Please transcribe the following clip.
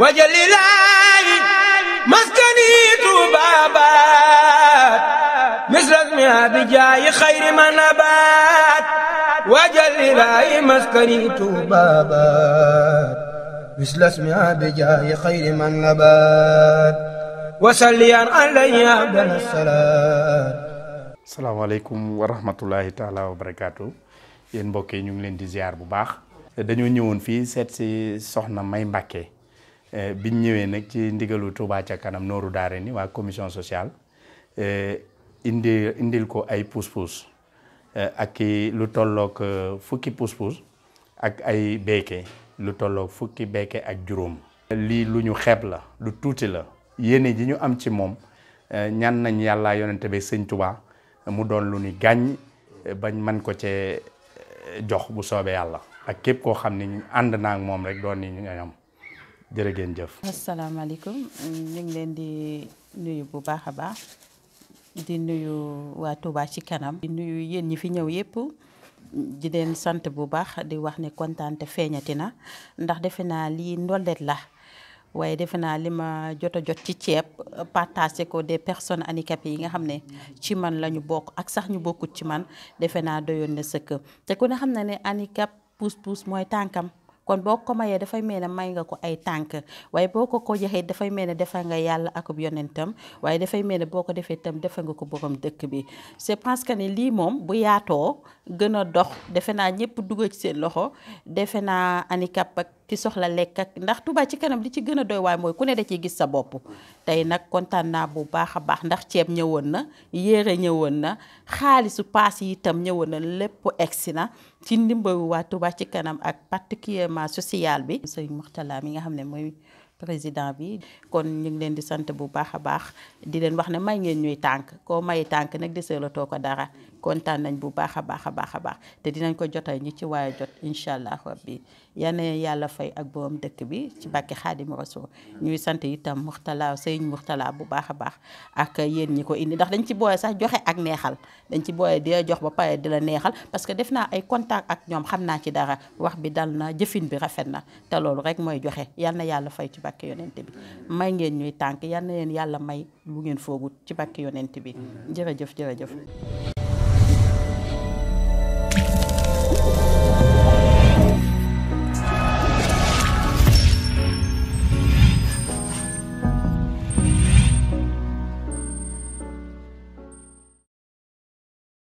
wajalilaayi maskani tubaabaat misrasmi abijaayi xayri manabaat wajalilaayi maskani tubaabaat misrasmi abijaayi xayri manabaat wasalliyan alayhi abdal salaat asalaamaaleykum wa rahmatullahi taala wa barakaatu yéen mbokk yi ñu ngi leen di ziar bu baax dañoo ñëwoon fii seet si soxna May Mbàkke Eh, biñ ñëwee nag ci ndigalu Touba ca kanam nooru daare ni waa commission sociale eh, indi indil ko ay pousse-pousse eh, ak lu tollook fukki pousse ak ay béykat lu tollook fukki béykat ak juróom. lii lu ñu xeeb la lu tuuti la yéene ji ñu am ci moom ñaan nañ yàlla yonente ba sëñ Touba mu doon lu ni gàññ bañ man ko cee jox bu soobee yàlla ak képp koo xam ni ànd naa ak moom rek doon ni ñoom. jërë ngeen jëf. asalaamaaleykum ñu ngi leen di nuyu bu baax a baax di nuyu waa Touba ci kanam. di nuyu yéen ñi fi ñëw yépp di leen sant bu baax di wax ne kontaan te feeñati na ndax defe naa lii ndolleet la. waaye defe naa li ma jot jot ci ceeb partagé ko des personnes handicapées yi nga xam ne ci man la ñu bokk ak sax ñu bokkut ci man defe naa doyoon na sëkk te ku ne xam na ne handicap pousse pousse mooy tànkam. kon boo ko mayee dafay mel ne may nga ko ay tànk waaye boo ko ko joxee dafay mel ne defal nga yàlla akub yonentam waaye dafay mel ne boo ko defee tam defal nga ko borom dëkk bi c'est parce que ne lii moom bu yaatoo gën a dox defe naa ñëpp dugal ci seen loxo defe naa handicap ak ki soxla lekk ndax tubaax ci kanam li ci gën a doy waay mooy ku ne da ciy gis sa bopp. tey nag kontaan naa bu baax a baax ndax ceeb ñëwoon na yére ñëwoon na xaalisu paas yi itam ñëwoon na lépp egsi na ci ndimbawu waa Touba ci kanam ak particulièrement social bi. sëñ Mourtala mi nga xam ne mooy. président bi kon ñu ngi leen di sant bu baax a baax di leen wax ne may ngeen ñuy tànk koo mayi tànk nag deseelatoo ko dara kontaan nañ bu baax a baax a baax a baax te dinañ ko jotal ñi ci waaye jot incha allah rabbi yane yàlla fay ak borom dëkk bi ci bàkki xaadim ñuy sant itam muxtala sëñ muxtala bu baax a baax ak yéen ñi ko indi ndax dañ ci booyee sax joxe ak neexal dañ ci booyee di jox ba pare di la neexal parce que def naa ay contact ak ñoom xam naa ci dara wax bi dal na jëfin bi rafet na te loolu rek mooy joxe yal na yàlla fay ci bàkki yonent bi may ngeen ñuy tànk yan na leen yàlla may lu ngeen foogut ci bàkki yonent bi jërëjëf jërëjëf